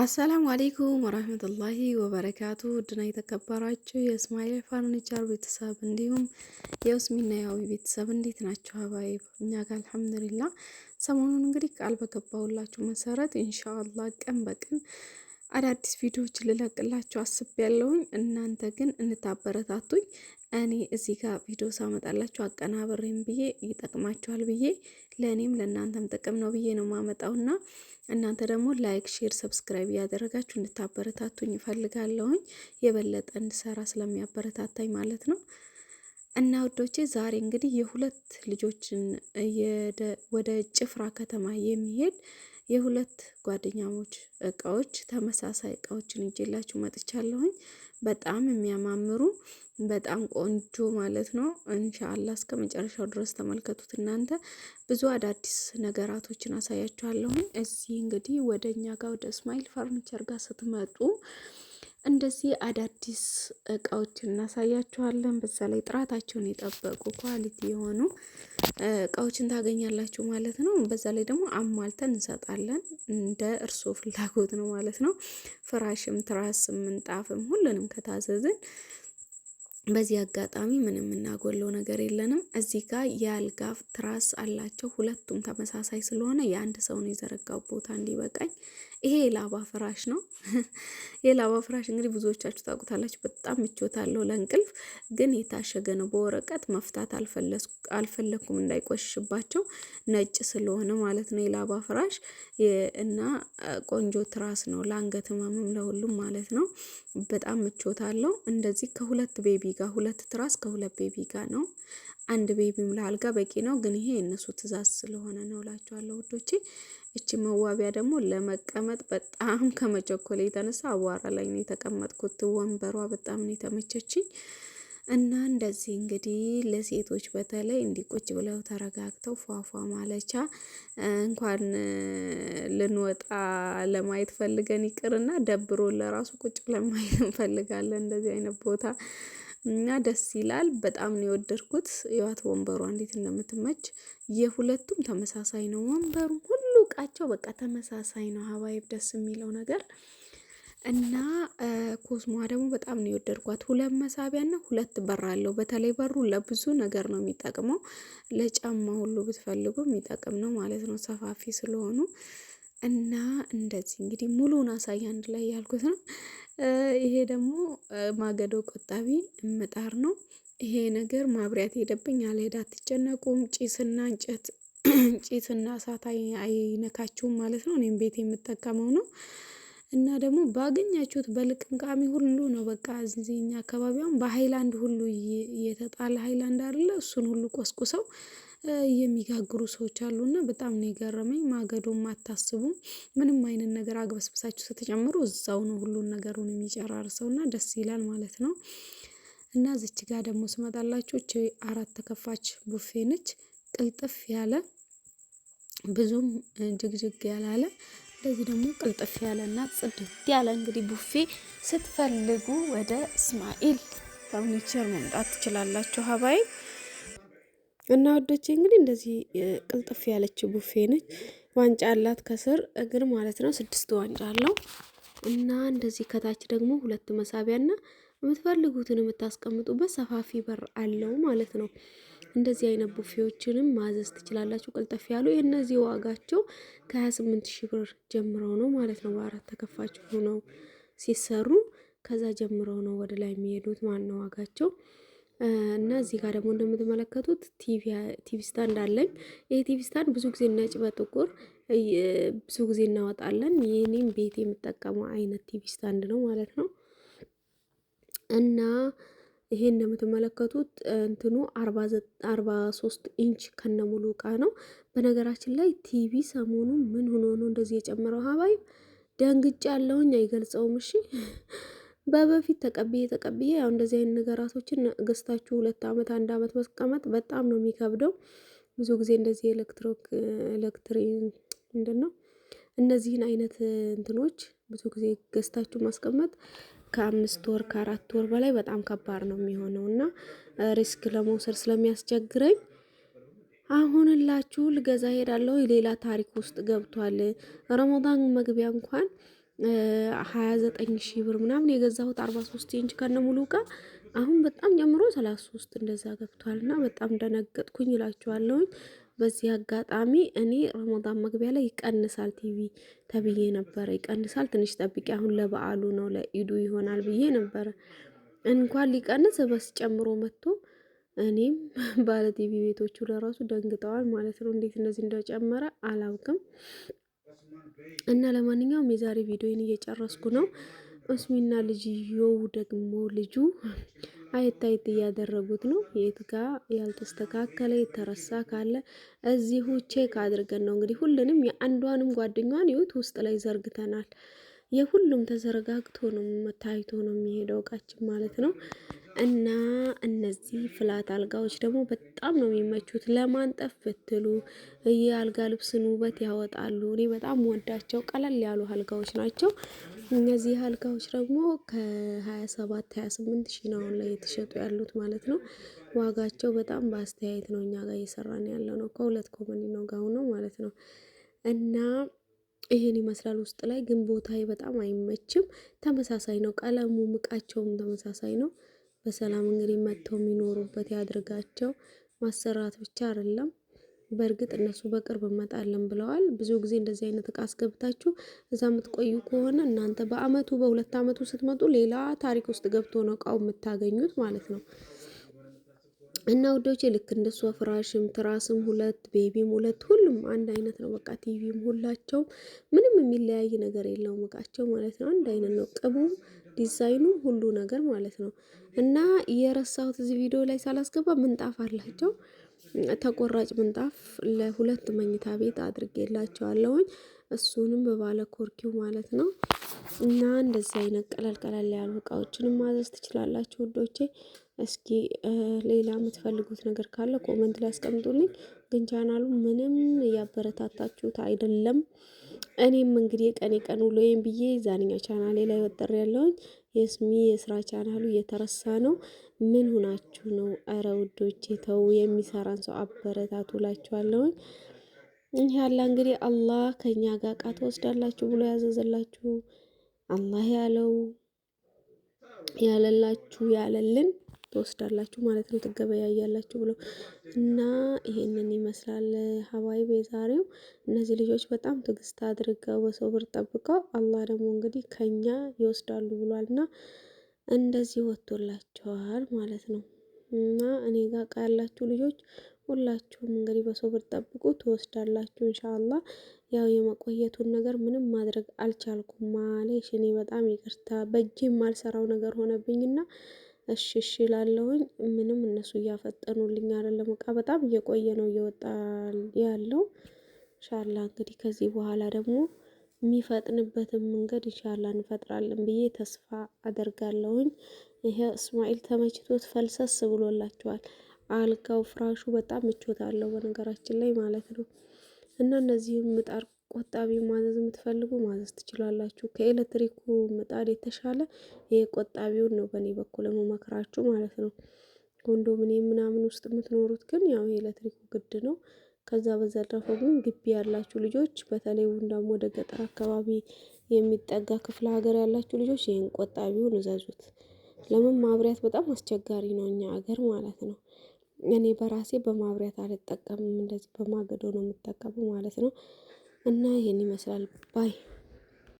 አሰላሙ አሌይኩም ወራህመቱላሂ ወበረካቱ ውድና የተከበራችሁ የእስማኤል ፈርኒቸር ቤተሰብ እንዲሁም የውስሚና ያዊ ቤተሰብ እንዴት ናቸው? አባይ እኛ ጋር አልሐምዱሊላ። ሰሞኑን እንግዲህ ቃል በገባሁላችሁ መሰረት ኢንሻአላህ ቀን በቀን አዳዲስ ቪዲዮዎች ልለቅላችሁ አስቤያለሁኝ። እናንተ ግን እንታበረታቱኝ እኔ እዚህ ጋር ቪዲዮ ሳመጣላችሁ አቀናበሬም ብዬ ይጠቅማችኋል ብዬ ለእኔም ለእናንተም ጥቅም ነው ብዬ ነው ማመጣውና እናንተ ደግሞ ላይክ፣ ሼር፣ ሰብስክራይብ እያደረጋችሁ እንድታበረታቱኝ ይፈልጋለሁኝ የበለጠ እንድሰራ ስለሚያበረታታኝ ማለት ነው። እና ውዶቼ ዛሬ እንግዲህ የሁለት ልጆችን ወደ ጭፍራ ከተማ የሚሄድ የሁለት ጓደኛሞች እቃዎች ተመሳሳይ እቃዎችን ይዤላችሁ መጥቻለሁኝ። በጣም የሚያማምሩ በጣም ቆንጆ ማለት ነው። እንሻአላ እስከ መጨረሻው ድረስ ተመልከቱት። እናንተ ብዙ አዳዲስ ነገራቶችን አሳያችኋለሁኝ። እዚህ እንግዲህ ወደ እኛ ጋር ወደ እስማኤል ፈርኒቸር ጋር ስትመጡ እንደዚህ አዳዲስ እቃዎችን እናሳያችኋለን። በዛ ላይ ጥራታቸውን የጠበቁ ኳሊቲ የሆኑ እቃዎችን ታገኛላችሁ ማለት ነው። በዛ ላይ ደግሞ አሟልተን እንሰጣለን። እንደ እርሶ ፍላጎት ነው ማለት ነው። ፍራሽም፣ ትራስም፣ ምንጣፍም ሁሉንም ከታዘዝን በዚህ አጋጣሚ ምንም የምናጎለው ነገር የለንም። እዚህ ጋር የአልጋ ትራስ አላቸው። ሁለቱም ተመሳሳይ ስለሆነ የአንድ ሰውን የዘረጋው ቦታ እንዲበቃኝ ይሄ የላባ ፍራሽ ነው። የላባ ፍራሽ እንግዲህ ብዙዎቻችሁ ታውቁታላችሁ። በጣም ምቾት አለው ለእንቅልፍ፣ ግን የታሸገ ነው። በወረቀት መፍታት አልፈለኩም እንዳይቆሽሽባቸው፣ ነጭ ስለሆነ ማለት ነው። የላባ ፍራሽ እና ቆንጆ ትራስ ነው። ለአንገት ህመምም ለሁሉም ማለት ነው። በጣም ምቾት አለው። እንደዚህ ከሁለት ቤቢ ጋር ሁለት ትራስ ከሁለት ቤቢ ጋር ነው። አንድ ቤቢም ለአልጋ በቂ ነው፣ ግን ይሄ የእነሱ ትእዛዝ ስለሆነ ነው እላችኋለሁ ውዶቼ። እቺ መዋቢያ ደግሞ ለመቀመጥ በጣም ከመቸኮል የተነሳ አቧራ ላይ ነው የተቀመጥኩት። ወንበሯ በጣም ነው የተመቸችኝ። እና እንደዚህ እንግዲህ ለሴቶች በተለይ እንዲህ ቁጭ ብለው ተረጋግተው ፏፏ ማለቻ እንኳን ልንወጣ ለማየት ፈልገን ይቅርና ደብሮን ለራሱ ቁጭ ብለን ማየት እንፈልጋለን። እንደዚህ አይነት ቦታ እና ደስ ይላል። በጣም ነው የወደድኩት። የዋት ወንበሯ እንዴት እንደምትመች የሁለቱም ተመሳሳይ ነው ወንበሩ ሁሉ እቃቸው በቃ ተመሳሳይ ነው። ሀባይብ ደስ የሚለው ነገር እና ኮስሞዋ ደግሞ በጣም ነው የወደድኳት። ሁለት መሳቢያ እና ሁለት በር አለው። በተለይ በሩ ለብዙ ነገር ነው የሚጠቅመው። ለጫማ ሁሉ ብትፈልጉ የሚጠቅም ነው ማለት ነው፣ ሰፋፊ ስለሆኑ እና እንደዚህ እንግዲህ ሙሉን አሳይ አንድ ላይ ያልኩት ነው። ይሄ ደግሞ ማገዶ ቆጣቢ ምጣድ ነው። ይሄ ነገር ማብሪያት ሄደብኝ አልሄድ፣ አትጨነቁም። ጭስና እንጨት ጭስና እሳት አይነካችሁም ማለት ነው። እኔም ቤት የምጠቀመው ነው። እና ደግሞ ባገኛችሁት በልቅምቃሚ ሁሉ ነው በቃ እዚህኛ እኛ አካባቢውን በሀይላንድ ሁሉ የተጣለ ሀይላንድ አለ እሱን ሁሉ ቆስቁሰው የሚጋግሩ ሰዎች አሉና በጣም ነው የገረመኝ። ማገዶም አታስቡም፣ ምንም አይነት ነገር አግበስብሳችሁ ስትጨምሩ እዛው ነው ሁሉን ነገሩን እና ደስ ይላል ማለት ነው። እና ዝች ጋ ደግሞ ስመጣላችሁ እች አራት ተከፋች ቡፌ ነች። ቅልጥፍ ያለ ብዙም ጅግጅግ ያላለ እንደዚህ ደግሞ ቅልጥፍ ያለና ጽድት ያለ እንግዲህ ቡፌ ስትፈልጉ ወደ እስማኤል ፈርኒቸር መምጣት ትችላላችሁ። ሀባይ እና ወዶቼ እንግዲህ እንደዚህ ቅልጥፍ ያለች ቡፌ ነች። ዋንጫ አላት ከስር እግር ማለት ነው። ስድስት ዋንጫ አለው እና እንደዚህ ከታች ደግሞ ሁለት መሳቢያና የምትፈልጉትን የምታስቀምጡበት ሰፋፊ በር አለው ማለት ነው። እንደዚህ አይነት ቡፌዎችንም ማዘዝ ትችላላችሁ። ቅልጥፍ ያሉ የእነዚህ ዋጋቸው ከ28 ሺ ብር ጀምረው ነው ማለት ነው። በአራት ተከፋች ሆነው ሲሰሩ ከዛ ጀምረው ነው ወደ ላይ የሚሄዱት ማለት ነው ዋጋቸው እና እዚህ ጋር ደግሞ እንደምትመለከቱት ቲቪ ስታንድ አለኝ። ይህ ቲቪ ስታንድ ብዙ ጊዜ ነጭ በጥቁር ብዙ ጊዜ እናወጣለን። ይህኔም ቤት የምጠቀመው አይነት ቲቪ ስታንድ ነው ማለት ነው እና ይሄን እንደምትመለከቱት እንትኑ አርባ ሶስት ኢንች ከነሙሉ እቃ ነው። በነገራችን ላይ ቲቪ ሰሞኑ ምን ሆኖ ነው እንደዚህ የጨመረው? ሀባይ ደንግጭ ያለውኝ አይገልጸውም። እሺ በበፊት ተቀብዬ ተቀብዬ ያው እንደዚህ አይነት ነገራቶችን ገዝታችሁ ሁለት ዓመት አንድ ዓመት መስቀመጥ በጣም ነው የሚከብደው። ብዙ ጊዜ እንደዚህ ኤሌክትሮክ ኤሌክትሪ ምንድን ነው እነዚህን አይነት እንትኖች ብዙ ጊዜ ገዝታችሁ ማስቀመጥ ከአምስት ወር ከአራት ወር በላይ በጣም ከባድ ነው የሚሆነው እና ሪስክ ለመውሰድ ስለሚያስቸግረኝ አሁንላችሁ ልገዛ ሄዳለሁ። ሌላ ታሪክ ውስጥ ገብቷል። ረመዳን መግቢያ እንኳን ሀያ ዘጠኝ ሺህ ብር ምናምን የገዛሁት አርባ ሶስት ኢንች ከነ ሙሉ እቃ አሁን በጣም ጨምሮ ሰላሳ ሶስት እንደዛ ገብቷል እና በጣም ደነገጥኩኝ ይላችኋለሁኝ። በዚህ አጋጣሚ እኔ ረመዳን መግቢያ ላይ ይቀንሳል ቲቪ ተብዬ ነበረ። ይቀንሳል ትንሽ ጠብቂ፣ አሁን ለበዓሉ ነው ለኢዱ ይሆናል ብዬ ነበረ። እንኳን ሊቀንስ በስ ጨምሮ መጥቶ እኔም ባለ ቲቪ ቤቶቹ ለራሱ ደንግጠዋል ማለት ነው። እንዴት እንደዚህ እንደጨመረ አላውቅም። እና ለማንኛውም የዛሬ ቪዲዮን እየጨረስኩ ነው። እስሚና ልጅየው ደግሞ ልጁ አየት አየት እያደረጉት ነው። የት ጋ ያልተስተካከለ የተረሳ ካለ እዚሁ ቼክ አድርገን ነው እንግዲህ ሁሉንም የአንዷንም ጓደኛዋን ይሁት ውስጥ ላይ ዘርግተናል። የሁሉም ተዘረጋግቶ ነው ታይቶ ነው የሚሄደው እቃችን ማለት ነው። እና እነዚህ ፍላት አልጋዎች ደግሞ በጣም ነው የሚመቹት። ለማንጠፍ ብትሉ የአልጋ ልብስን ውበት ያወጣሉ። እኔ በጣም ወዳቸው ቀለል ያሉ አልጋዎች ናቸው። እነዚህ አልጋዎች ደግሞ ከ27 28 ሺህ አሁን ላይ የተሸጡ ያሉት ማለት ነው። ዋጋቸው በጣም በአስተያየት ነው እኛ ጋር እየሰራን ያለው ነው። ከሁለት ኮመኒ ነው ጋሁ ነው ማለት ነው እና ይህን ይመስላል። ውስጥ ላይ ግን ቦታ በጣም አይመችም። ተመሳሳይ ነው ቀለሙ፣ ምቃቸውም ተመሳሳይ ነው። በሰላም እንግዲህ መጥተው የሚኖሩበት ያድርጋቸው። ማሰራት ብቻ አይደለም። በእርግጥ እነሱ በቅርብ እመጣለን ብለዋል። ብዙ ጊዜ እንደዚህ አይነት እቃ አስገብታችሁ እዛ የምትቆዩ ከሆነ እናንተ በአመቱ በሁለት አመቱ ስትመጡ ሌላ ታሪክ ውስጥ ገብቶ ነው እቃው የምታገኙት ማለት ነው። እና ውዶች ልክ እንደሷ ፍራሽም ትራስም ሁለት ቤቢም ሁለት ሁሉም አንድ አይነት ነው። በቃ ቲቪም ሁላቸው ምንም የሚለያይ ነገር የለውም። እቃቸው ማለት ነው አንድ አይነት ነው። ቅቡም ዲዛይኑ ሁሉ ነገር ማለት ነው። እና የረሳሁት እዚህ ቪዲዮ ላይ ሳላስገባ ምንጣፍ አላቸው። ተቆራጭ ምንጣፍ ለሁለት መኝታ ቤት አድርጌላቸዋለሁኝ። እሱንም በባለ ኮርኪው ማለት ነው። እና እንደዚህ አይነት ቀላል ቀላል ያሉ እቃዎችንም ማዘዝ ትችላላችሁ ውዶቼ። እስኪ ሌላ የምትፈልጉት ነገር ካለ ኮመንት ላይ አስቀምጡልኝ። ግን ቻናሉ ምንም እያበረታታችሁት አይደለም። እኔም እንግዲህ የቀን የቀን ወይም ብዬ ዛንኛ ቻናሌ ላይ ወጠር ያለውኝ የስሚ የስራ ቻናሉ እየተረሳ ነው። ምን ሁናችሁ ነው? አረ ውዶቼ ተው፣ የሚሰራን ሰው አበረታቱ ይህ ያላ እንግዲህ አላህ ከእኛ ጋር ቃ ትወስዳላችሁ ብሎ ያዘዘላችሁ አላህ ያለው ያለላችሁ ያለልን ትወስዳላችሁ ማለት ነው፣ ትገበያያላችሁ ብለው እና ይሄንን ይመስላል ሀባይብ የዛሬው። እነዚህ ልጆች በጣም ትዕግስት አድርገው በሰው ብር ጠብቀው አላህ ደግሞ እንግዲህ ከኛ ይወስዳሉ ብሏልና እንደዚህ ወጥቶላቸዋል ማለት ነው። እና እኔ ጋር ዕቃ ያላችሁ ልጆች ሁላችሁም እንግዲህ በሰው ብር ጠብቁ ትወስዳላችሁ ኢንሻአላህ። ያው የመቆየቱን ነገር ምንም ማድረግ አልቻልኩም ማለሽ፣ እኔ በጣም ይቅርታ በእጄ የማልሰራው ነገር ሆነብኝና እሺ እሺ እላለሁኝ። ምንም እነሱ እያፈጠኑልኝ አይደለም። እቃ በጣም እየቆየ ነው እየወጣ ያለው። ኢንሻላ እንግዲህ ከዚህ በኋላ ደግሞ የሚፈጥንበትን መንገድ እንሻላ እንፈጥራለን ብዬ ተስፋ አደርጋለሁኝ። ይሄ እስማኤል ተመችቶት ፈልሰስ ብሎላችኋል። አልጋው ፍራሹ በጣም ምቾት አለው በነገራችን ላይ ማለት ነው። እና እነዚህም ምጣር ቆጣቢ ማዘዝ የምትፈልጉ ማዘዝ ትችላላችሁ። ከኤሌክትሪኩ ምጣድ የተሻለ ይሄ ቆጣቢውን ነው በእኔ በኩል የምመክራችሁ ማለት ነው። ኮንዶሚኒየም ምናምን ውስጥ የምትኖሩት ግን ያው የኤሌክትሪኩ ግድ ነው። ከዛ በዘረፈ ግን ግቢ ያላችሁ ልጆች በተለይ ደግሞ ወደ ገጠር አካባቢ የሚጠጋ ክፍለ ሀገር ያላችሁ ልጆች ይህን ቆጣቢውን እዘዙት። ለምን ማብሪያት በጣም አስቸጋሪ ነው እኛ ሀገር ማለት ነው። እኔ በራሴ በማብሪያት አልጠቀምም እንደዚህ በማገዶ ነው የምጠቀመው ማለት ነው። እና ይህን ይመስላል ባይ